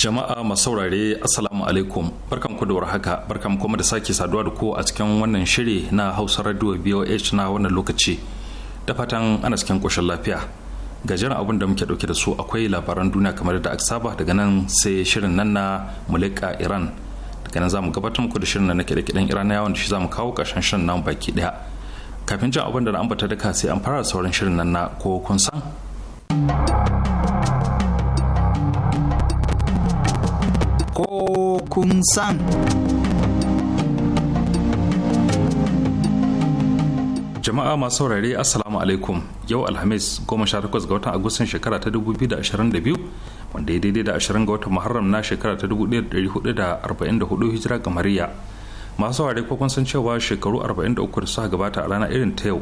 Jama'a masaurare Assalamu alaikum barkan ku da haka barkan kuma da sake saduwa da ku a cikin wannan shiri na Hausa Radio BOH na wannan lokaci da fatan ana cikin koshin lafiya gajeren abin da muke dauke da su akwai labaran duniya kamar da aka saba daga nan sai shirin nan na Mulika Iran daga nan zamu gabatar muku da shirin nan na kiɗe-kiɗen Iran yawon da shi zamu kawo ƙarshen shirin nan baki ɗaya kafin jin abin da na ambata duka sai an fara sauran shirin nan na ko kun san ko kun san. jama'a masu saurare assalamu alaikum yau alhamis 18 ga watan agustan shekara ta 2022 wanda ya daidai da 20 ga watan muharram na shekara ta 1444 hijira ga mariya masu saurare ko kun san cewa shekaru 43 da suka gabata a ranar irin ta yau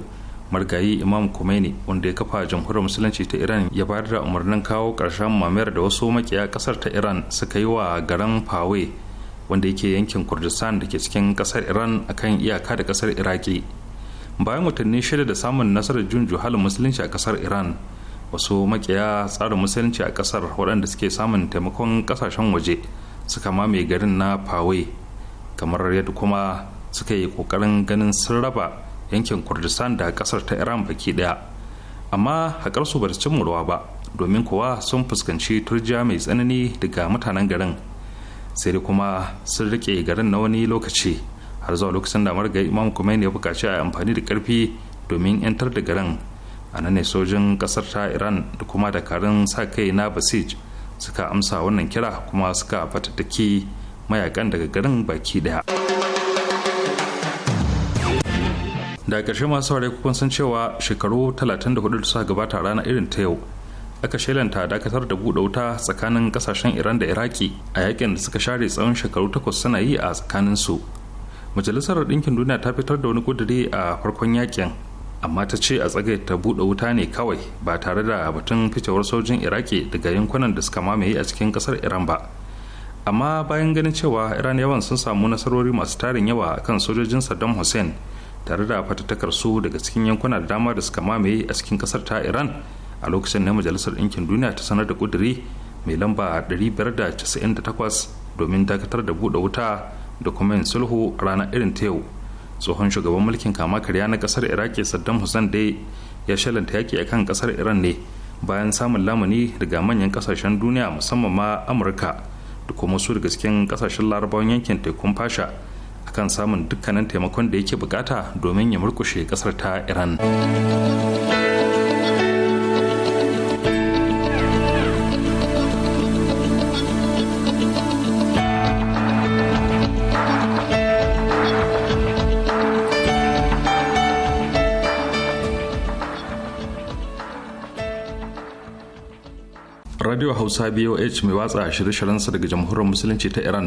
margayi imam khomeini wanda ya kafa jamhuriyar musulunci ta iran ya bayar da umarnin kawo ƙarshen mamayar da wasu makiya ƙasar ta iran suka yi wa garin fawe wanda yake yankin kurdistan da ke cikin ƙasar iran akan iyaka da ƙasar iraki bayan watanni shida da samun nasarar jun juhalin musulunci a ƙasar iran wasu makiya tsarin musulunci a ƙasar waɗanda suke samun taimakon ƙasashen waje suka mamaye garin na fawe kamar yadda kuma suka yi ƙoƙarin ganin sun raba yankin kurdistan da kasar ta iran baki daya amma haƙar su bata cin murwa ba domin kuwa sun fuskanci turjiya mai tsanani daga mutanen garin sai dai kuma sun rike garin na wani lokaci har zuwa lokacin da marga imam Khomeini ya buƙaci a amfani da ƙarfi domin 'yantar da garin a nan ne sojin ƙasar ta iran da kuma dakarun sa kai na basij suka amsa wannan kira kuma suka fatattaki mayakan daga garin baki daya. da ƙarshe masu saurari kun san cewa shekaru 34 da suka gabata rana irin ta yau aka shelanta dakatar da buɗe wuta tsakanin ƙasashen iran da iraki a yakin da suka share tsawon shekaru takwas suna yi a tsakaninsu majalisar ɗinkin duniya ta fitar da wani ƙudiri a farkon yakin amma ta ce a tsage ta buɗe wuta ne kawai ba tare da batun fitowar sojin iraki daga yankunan da suka mamaye a cikin ƙasar iran ba amma bayan ganin cewa iran yawan sun samu nasarori masu tarin yawa kan sojojin saddam hussein tare da fatattakar su daga cikin yankuna da dama da suka mamaye a cikin kasar ta iran a lokacin na majalisar ɗinkin duniya ta sanar da kuduri mai lamba 598 domin dakatar da buɗe wuta da kuma yin sulhu a ranar irin ta yau tsohon shugaban mulkin kama karya na kasar iraki saddam hussein dai ya shalanta yaki a kan kasar iran ne bayan samun lamuni daga manyan kasashen duniya musamman ma amurka da kuma su daga cikin kasashen larabawan yankin tekun fasha kan samun dukkanin taimakon da yake bukata domin ya murkushe kasar ta iran radio hausa boh mai watsa shirye-shiryensa daga jamhuriyar musulunci ta iran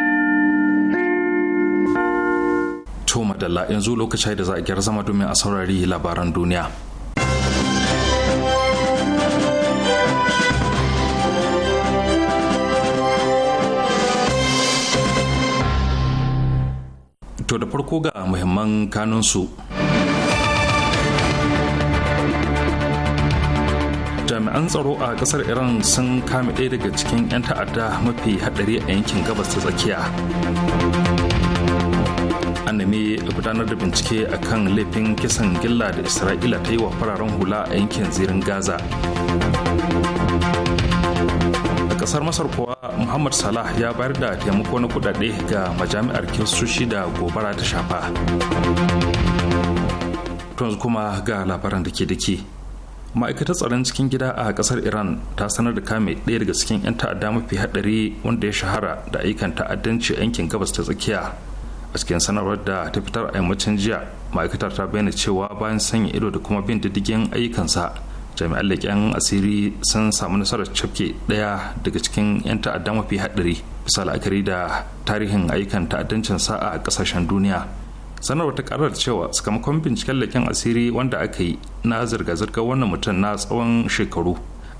To madalla yanzu lokaci da za a gyara zama domin a saurari labaran duniya. To da farko ga muhimman kanunsu. jami'an tsaro a kasar iran sun kame ɗaya daga cikin 'yan ta'adda mafi haɗari a yankin gabas ta tsakiya an nemi gudanar da bincike a kan laifin kisan gilla da isra'ila ta yi wa fararen hula a yankin zirin gaza a kasar masar kuwa muhammad salah ya bayar da taimako na kudade ga majami'ar kirsushi da gobara ta shafa tunzu kuma ga labaran da ke dake ma'aikatar tsaron cikin gida a kasar iran ta sanar da kame ɗaya daga cikin 'yan ta'adda mafi haɗari wanda ya shahara da ayyukan ta'addanci yankin gabas ta tsakiya a cikin sanarwar da ta fitar a yammacin jiya ma'aikatar ta bayyana cewa bayan sanya ido da kuma bin diddigin ayyukansa jami'an leƙen asiri sun samu nasarar cafke ɗaya daga cikin 'yan ta'adda mafi haɗari bisa la'akari da tarihin ayyukan ta'addancin sa a ƙasashen duniya sanarwar ta karar cewa sakamakon binciken leƙen asiri wanda aka yi na zirga-zirgar wannan mutum na tsawon shekaru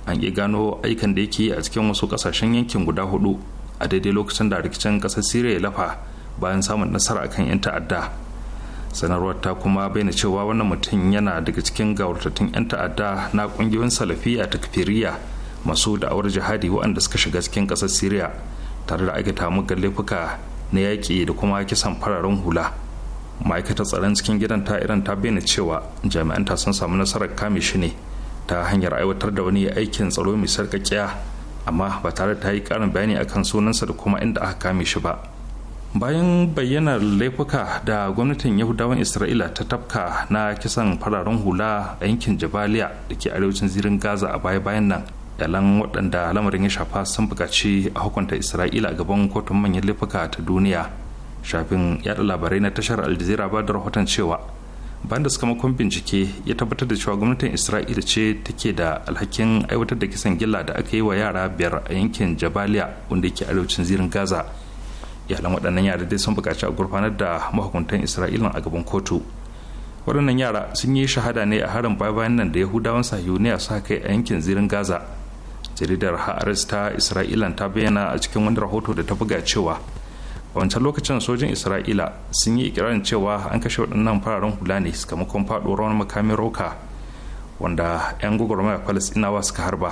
an ƙi gano aikan da yake a cikin wasu ƙasashen yankin guda hudu a daidai lokacin da rikicin ƙasar siriya ya lafa bayan samun nasara akan 'yan ta'adda sanarwar ta kuma bayyana cewa wannan mutum yana daga cikin gawartattun 'yan ta'adda na kungiyoyin salafiya ta kafiriya masu da'awar jihadi waɗanda suka shiga cikin ƙasar syria tare da aikata muggan laifuka na yaƙi da kuma kisan fararen hula ma'aikatar tsaron cikin gidan ta iran ta bayyana cewa jami'an ta sun samu nasarar kame shi ne ta hanyar aiwatar da wani aikin tsaro mai sarƙaƙiya amma ba tare da ta yi ƙarin bayani akan sunansa da kuma inda aka kame shi ba bayan bayyanar laifuka da gwamnatin yahudawan isra'ila ta tafka na kisan fararen hula a yankin jabaliya da ke arewacin zirin gaza a baya-bayan nan yalan waɗanda lamarin ya shafa sun buƙaci a hukunta isra'ila a gaban kotun manyan laifuka ta duniya shafin yaɗa labarai na tashar aljazeera ba da rahoton cewa bayan da sakamakon bincike ya tabbatar da cewa gwamnatin isra'ila ce take da alhakin aiwatar da kisan gilla da aka yi wa yara biyar a yankin jabaliya wanda ke arewacin zirin gaza iyalan waɗannan yara dai sun buƙaci a gurfanar da mahukuntan isra'ila a gaban kotu waɗannan yara sun yi shahada ne a harin bayan nan da yahudawan sahiyoniya suka kai a yankin zirin gaza jaridar ha'aris ta isra'ila ta bayyana a cikin wani rahoto da ta buga cewa a wancan lokacin sojin isra'ila sun yi ikirarin cewa an kashe waɗannan fararen hula ne sakamakon faɗuwar wani makamin roka wanda 'yan gwagwarmaya falastinawa suka harba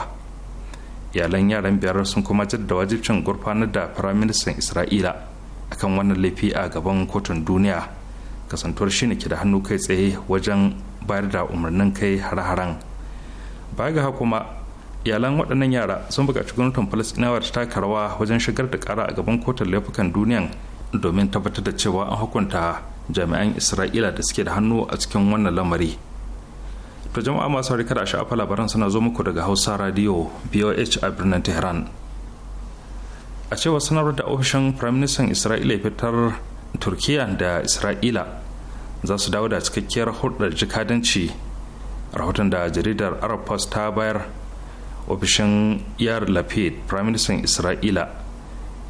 iyalan yaran biyar sun kuma jaddada wajibcin gurfanar da firaministan isra'ila akan wannan laifi a gaban kotun duniya kasantuwar shi ne ke da hannu kai tsaye wajen bayar da umarnin kai hare-haren baya ga kuma iyalan waɗannan yara sun buƙaci gwamnatin falasɗinawa ta taka rawa wajen shigar da ƙara a gaban kotun laifukan duniyan domin tabbatar da cewa an hukunta jami'an isra'ila da suke da hannu a cikin wannan lamari to jama'a masu harika da sha'afa labaran suna zo muku daga hausa radio boh a birnin tehran a cewar sanarwar da ofishin firaministan isra'ila ya fitar turkiya da isra'ila za su dawo da cikakkiyar hulɗar jikadanci rahoton da jaridar arab post ta bayar ofishin yar lapid firaministan isra'ila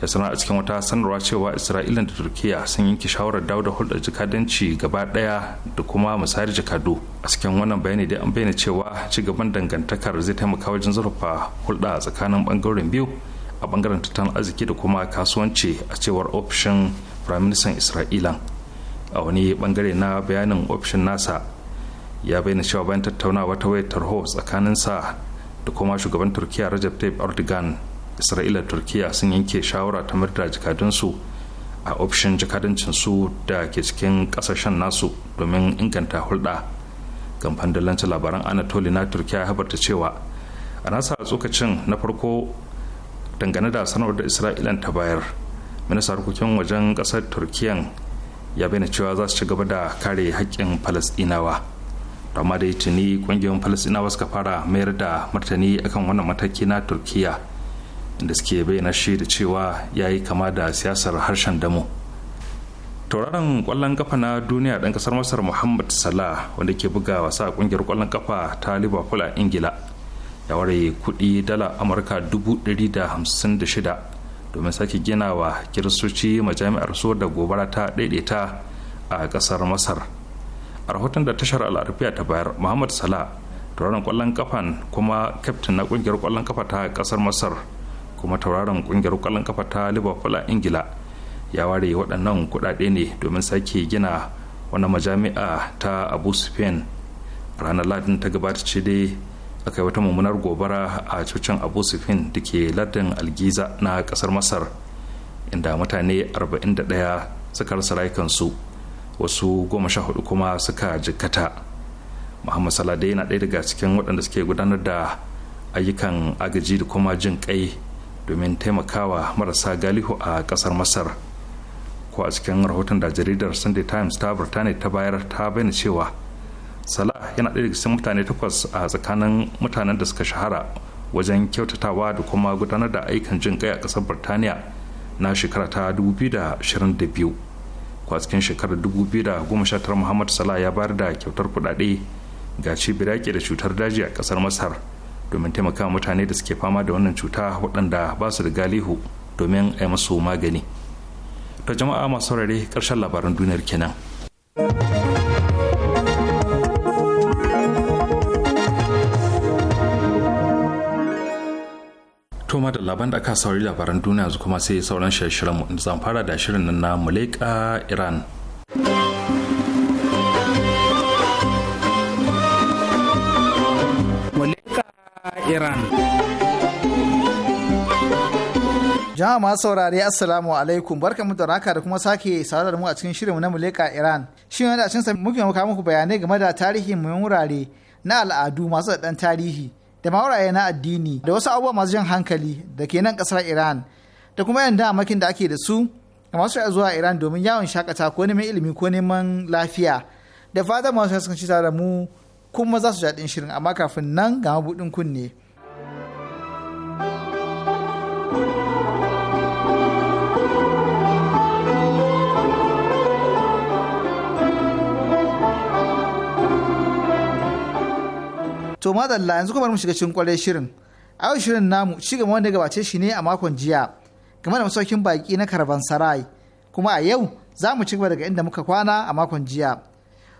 ya sanar a cikin wata sanarwa cewa isra'ila da turkiya sun yanke shawarar dawo da hulɗar jikadanci gaba ɗaya da kuma misali jakadu a cikin wannan bayani dai an bayyana cewa ci gaban dangantakar zai taimaka wajen zurfa hulɗa tsakanin ɓangaren biyu a bangaren tattalin arziki da kuma kasuwanci a cewar ofishin firaministan isra'ila a wani bangare na bayanin ofishin nasa ya bayyana cewa bayan tattaunawa ta wayar tarho tsakaninsa da kuma shugaban turkiya rajab tayyip erdogan isra'ila turkiya sun yanke shawara ta murda jikadunsu a ofishin jikadancin su da ke cikin kasashen nasu domin inganta hulɗa kamfanin dalancin labaran anatoli na turkiya ya habarta cewa a nasa tsokacin na farko dangane da sanar da isra'ilan ta bayar minista harkokin wajen kasar turkiyan ya bayyana cewa za su ci gaba da kare haƙƙin falasɗinawa amma dai tuni ƙungiyoyin falasɗinawa suka fara mayar da martani akan wannan mataki na turkiya Inda suke bayyana shi da cewa ya yi kama da siyasar harshen damu. tauraron kwallon kafa na duniya dan ƙasar masar muhammad salah wanda ke buga wasa a ƙungiyar kwallon kafa ta liverpool a ingila ya ware kudi dala amurka 156 domin sake gina wa kiristoci majami'ar so da gobara ta daidaita a kasar masar a rahoton da tashar al'arfiya ta bayar muhammad sala tauraron kwallon kafan kuma kaftin na kungiyar kwallon kafa ta kasar masar kuma tauraron kungiyar kwallon kafa ta liverpool a ingila ya ware waɗannan kuɗaɗe ne domin sake gina wani majami'a ta abu spain ranar ladin ta gabata ce dai aka yi wata mummunar gobara a cocin abu sufin da ke lardin algiza na kasar masar inda mutane 41 suka rasa rayukansu wasu goma sha hudu kuma suka jikkata muhammad salade yana ɗaya daga cikin waɗanda suke gudanar da ayyukan agaji da kuma jin kai domin taimakawa marasa galihu a kasar masar ko a cikin rahoton da jaridar sunday times ta birtaniya ta bayar ta bayyana cewa salah yana ɗaya daga cikin mutane takwas a tsakanin mutanen da suka shahara wajen kyautatawa da kuma gudanar da aikin jin kai a ƙasar birtaniya na shekara ta 2022 kwa cikin shekarar 2019 muhammad salah ya bayar da kyautar kuɗaɗe ga cibiyar yaƙi da cutar daji a ƙasar masar domin taimaka mutane da suke fama da wannan cuta waɗanda ba su da galihu domin a yi masu magani. da jama'a masu rare ƙarshen labaran duniyar kenan. toma da laban da aka saurari labaran duniya yanzu kuma sai sauran shirye mu inda zan fara da shirin nan na muleka iran muleka iran jama'a masu saurari assalamu alaikum barka mu da raka da kuma sake saurara mu a cikin shirin na muleka iran shi yana a cikin sa muke muka muku bayanai game da tarihin muhimman wurare na al'adu masu da tarihi da mawaraye na addini da wasu abubuwa masu jan hankali da ke nan kasar iran da kuma yan damakin da ake da su da masu zuwa iran domin yawon shakata ko neman ilimi ko neman lafiya da fatan masu sukan ci tare da mu kuma za su jaɗin shirin amma kafin nan ga mabuɗin kunne. to madalla yanzu kuma mu shiga cikin kwarai shirin a yau shirin namu ci gaba wanda gabace shi ne a makon jiya game da masaukin baki na karban sarai kuma a yau za mu ci gaba daga inda muka kwana a makon jiya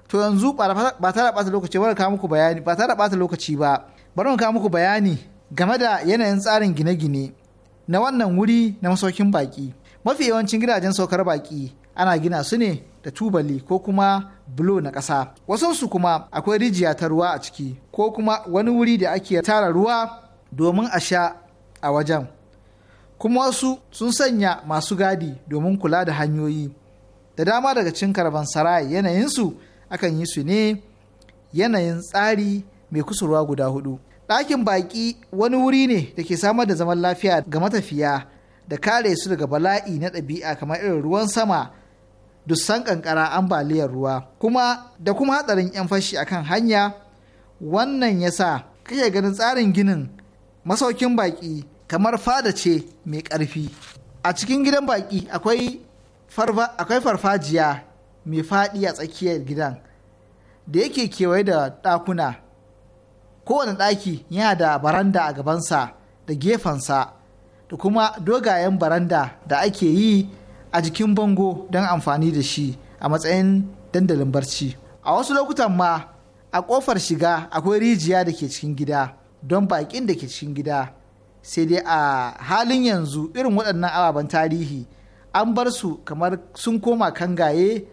to yanzu ba ta bata lokaci ba kawo muku bayani ba tare bata lokaci ba bari mu kawo muku bayani game da yanayin tsarin gine-gine na wannan wuri na masaukin baki mafi yawancin gidajen saukar baki ana gina su ne da tubali ko kuma bulo na ƙasa wasansu kuma akwai rijiya ta ruwa a ciki ko kuma wani wuri da ake tara ruwa domin a sha a wajen kuma wasu sun sanya masu gadi domin kula da hanyoyi da dama daga cin karban sarai yanayinsu akan yi su ne yanayin tsari mai kusurwa guda hudu ɗakin baƙi wani wuri ne da ke samar da zaman lafiya ga matafiya da kare su daga bala'i na ɗabi'a kamar irin ruwan sama dussan ƙanƙara ambaliyar ruwa kuma da kuma hatsarin 'yan fashi akan hanya wannan ya sa kake ganin tsarin ginin masaukin baƙi kamar fada ce mai ƙarfi a cikin gidan baƙi akwai farfajiya mai faɗi a tsakiyar gidan da yake kewaye da ɗakuna kowane ɗaki yana da baranda a gabansa da gefensa da kuma dogayen baranda da ake yi a jikin bango don amfani da shi a matsayin dandalin barci a wasu lokutan ma a ƙofar shiga akwai rijiya da ke cikin gida don baƙin da ke cikin gida sai dai a halin yanzu irin waɗannan ababen tarihi an bar su kamar sun koma kangaye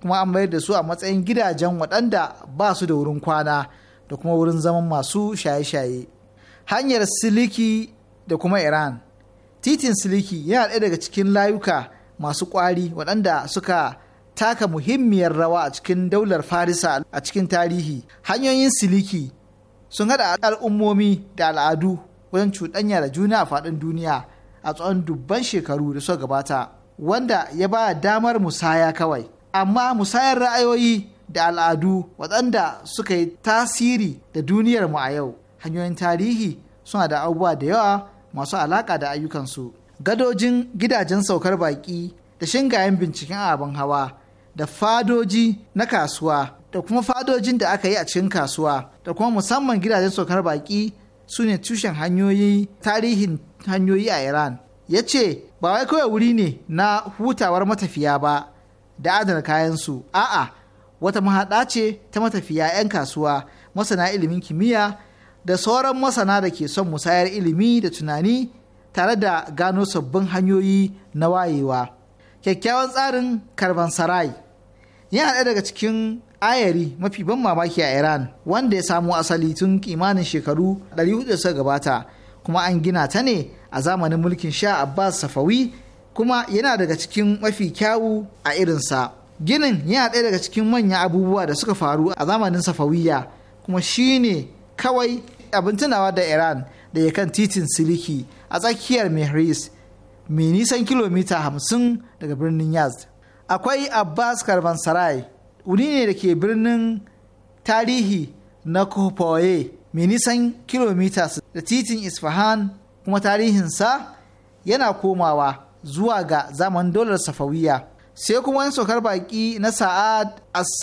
kuma an mayar da su a matsayin gidajen waɗanda ba su da wurin kwana da kuma wurin zaman masu shaye-shaye hanyar siliki da kuma iran titin siliki yana ɗaya daga cikin layuka masu ƙwari waɗanda suka taka muhimmiyar rawa a cikin daular farisa a cikin tarihi hanyoyin siliki sun haɗa al'ummomi da al'adu wajen cuɗanya da juna a faɗin duniya a tsawon dubban shekaru da suka gabata wanda ya ba damar musaya kawai amma musayar ra'ayoyi da al'adu waɗanda suka yi tasiri da duniyar mu a yau hanyoyin tarihi suna da abubuwa da yawa masu alaƙa da ayyukansu gadojin gidajen saukar baƙi da shingayen binciken abin hawa da fadoji na kasuwa da kuma fadojin da aka yi a cikin kasuwa da kuma musamman gidajen saukar baki su ne tushen hanyoyi tarihin hanyoyi a iran ya ce ba wai kawai wuri ne na hutawar matafiya ba da adana kayansu a'a wata mahaɗa ce ta matafiya 'yan kasuwa masana ilimin kimiyya da sauran masana da ke son musayar ilimi da tunani tare da gano sabbin hanyoyi na wayewa kyakkyawan tsarin karban sarai yana ɗaya daga cikin ayari mafi ban mamaki a Iran wanda ya samo asali tun kimanin shekaru 400 gabata kuma an gina ta ne a zamanin mulkin sha Abbas Safawi kuma yana daga cikin mafi kyawu a irinsa. Ginin yana ɗaya daga cikin manyan abubuwa da suka faru a zamanin Safawiya kuma shi ne kawai abin tunawa da Iran da ya kan titin Siliki a tsakiyar Mehris mai nisan kilomita 50 daga birnin Yazd. akwai abbas karbansarai wuni ne da ke birnin tarihi na kofoye mai nisan kilomita da titin isfahan kuma tarihinsa yana komawa zuwa ga zaman dolar safawiya sai kuma wani saukar baƙi na sa'ad as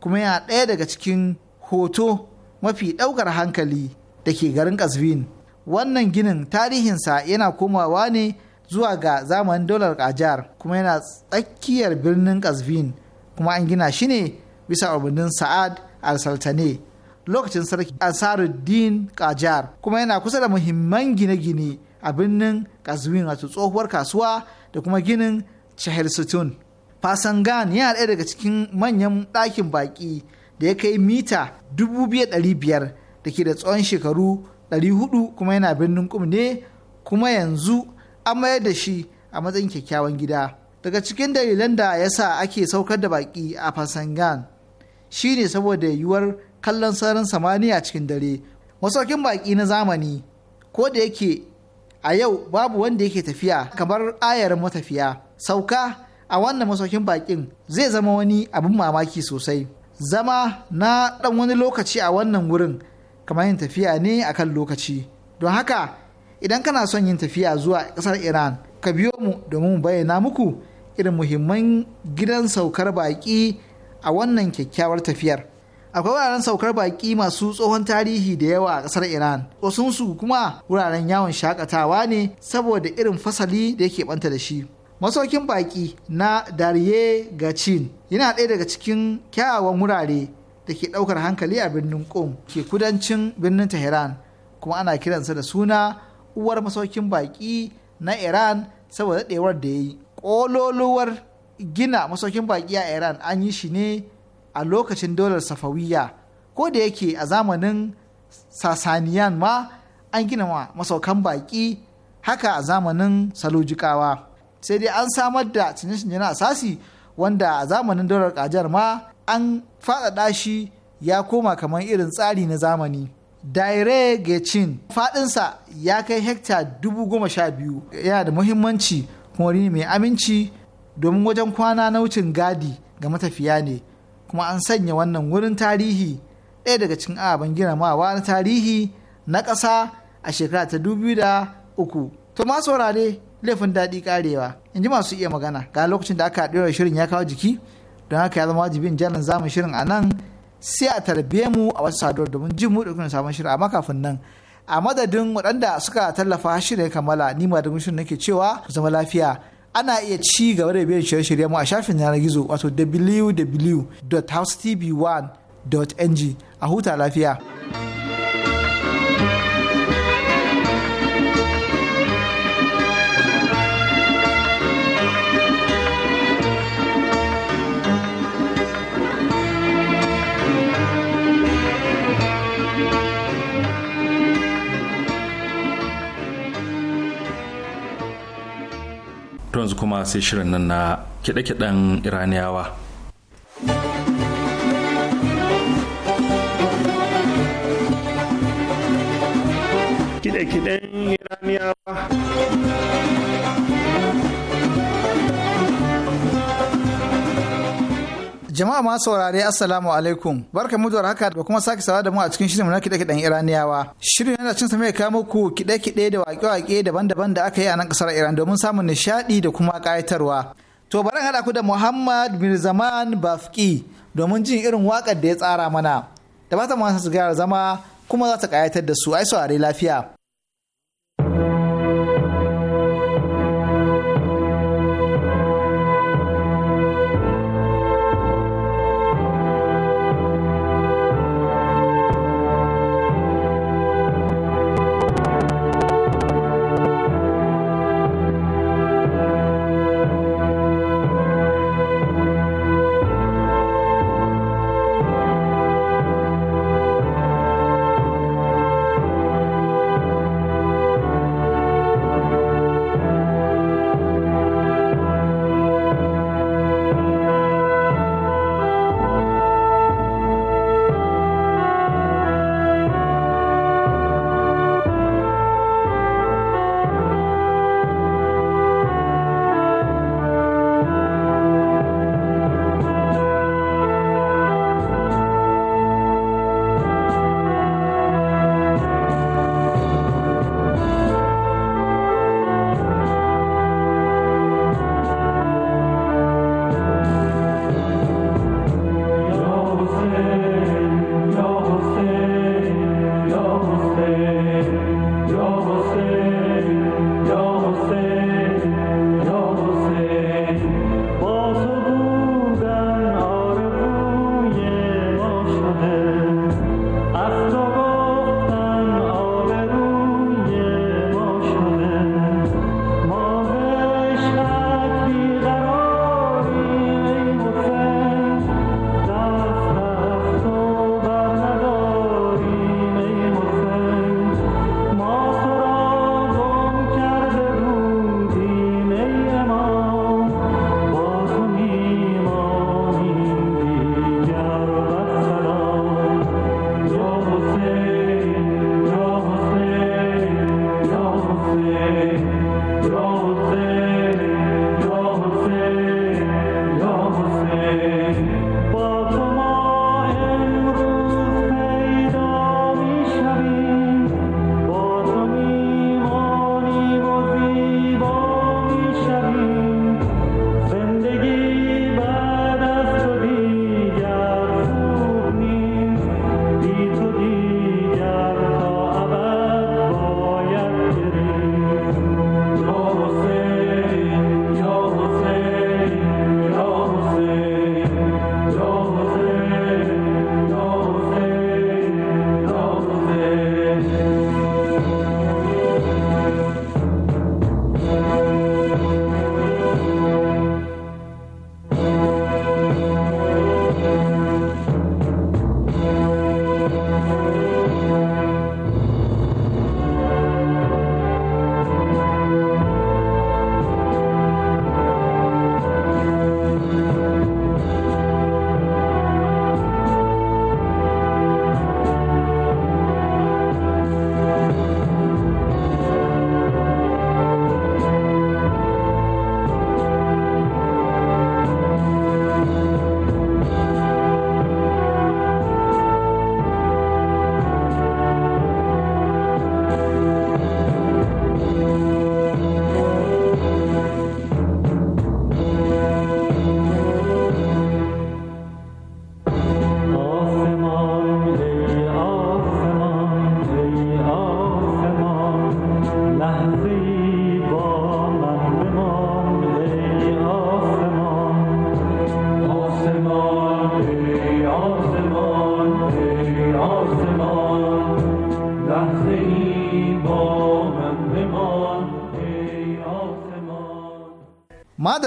kuma yana ɗaya daga cikin hoto mafi ɗaukar hankali da ke garin kasvin wannan ginin tarihinsa yana komawa ne zuwa ga zamanin dolar kajar kuma yana tsakiyar birnin kasvin kuma an gina shi ne bisa umarnin sa'ad al-sultane lokacin sarki asaruddin kajar kuma yana kusa da muhimman gine-gine a birnin kasvin wato tsohuwar kasuwa da kuma ginin shahir sutun fasangan yana ɗaya daga cikin manyan ɗakin baƙi da ya kai mita 2,500 da ke da tsawon shekaru 400 kuma yana birnin kum ne kuma yanzu an mayar da shi a matsayin kyakkyawan gida daga cikin dalilan da ya sa ake saukar da baƙi a fasangan shi ne saboda yiwuwar kallon sararin samaniya cikin dare masaukin baƙi na zamani ko da yake a yau babu wanda yake tafiya kamar ayarin matafiya sauka a wannan masaukin baƙin zai zama wani abin mamaki sosai zama na ɗan wani lokaci a wannan wurin kamar yin tafiya ne akan lokaci don haka idan kana son yin tafiya zuwa ƙasar iran ka biyo mu domin mu bayyana muku irin muhimman gidan saukar baƙi a wannan kyakkyawar tafiyar akwai wuraren saukar baƙi masu tsohon tarihi da yawa a ƙasar iran wasunsu kuma wuraren yawon shakatawa ne saboda irin fasali da yake banta da shi masaukin baƙi na dariye Gachin yana ɗaya daga cikin kyawawan wurare da ke ɗaukar hankali a birnin kom ke kudancin birnin tehran kuma ana kiransa da suna uwar masaukin baƙi na iran saboda daɗewar da ya yi ƙololuwar gina masaukin baƙi a iran an yi shi ne a lokacin dolar safawiya ko da yake a zamanin sasaniyan ma an gina masaukan baƙi haka a zamanin salojikawa sai dai an samar da cinye na asasi wanda a zamanin dolar kajar ma an faɗaɗa shi ya koma kamar irin tsari na zamani. Daire Gechin faɗinsa ya kai hekta dubu goma sha biyu yana da muhimmanci kuma wuri mai aminci domin wajen kwana na wucin gadi ga matafiya ne kuma an sanya wannan wurin tarihi ɗaya daga cikin ababen mawa na tarihi na ƙasa a shekara ta dubu da uku. To ma saurare laifin daɗi ƙarewa in ji masu iya magana ga lokacin da aka ɗora shirin ya kawo jiki don haka ya zama wajibin jalan zamu shirin a nan sai a tarbe mu a wasu saduwar domin jin mu dukkan sabon shirin amma kafin nan a madadin waɗanda suka tallafa shirin kamala ni ma da shirin nake cewa ku zama lafiya ana iya ci gaba da biyan shirye-shiryen mu a shafin yanar gizo wato www.housetv1.ng a huta lafiya. to yanzu kuma sai shirin nan na kiɗe-kiɗen iraniyawa kiɗe-kiɗen Jama'a ma saurare Assalamu alaikum. Barka mu da haka da kuma sake sawa da mu a cikin shirin na kiɗe-kiɗen Iraniyawa. Shirin yana cin ya kawo muku kiɗe-kiɗe da waƙe-waƙe daban-daban da aka yi a nan kasar Iran domin samun nishadi da kuma ƙayatarwa. To bari haɗa ku da Muhammad zaman Bafki domin jin irin waƙar da ya tsara mana. Da ba ta masa zama kuma za ta ƙayatar da su ai saurare lafiya.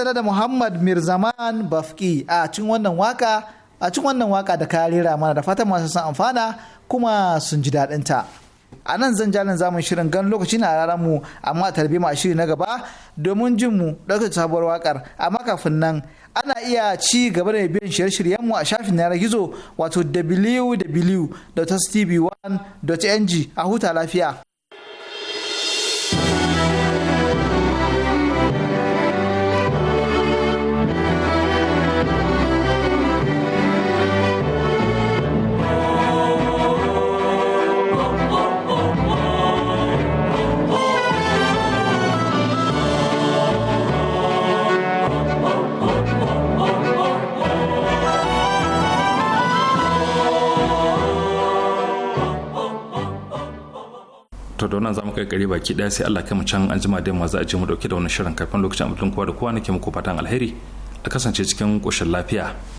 tare da Muhammad Mirzaman Bafki a cikin wannan waka a cikin wannan waka da ka rera mana da fatan masu san amfana kuma sun ji daɗin ta. A nan zan jalin zamun shirin gan lokaci na rarar mu amma a tarbi a shiri na gaba domin jin mu ɗaukar sabuwar wakar amma kafin nan ana iya ci gaba da biyan shirye-shiryen mu a shafin na gizo wato www.tv1.ng a huta lafiya. to da wannan zamu kai gari baki daya sai Allah mu can an jima da yamma za a je mu dauke da wani shirin kafin lokacin abin kowa da kowa nake muku fatan alheri a kasance cikin koshin lafiya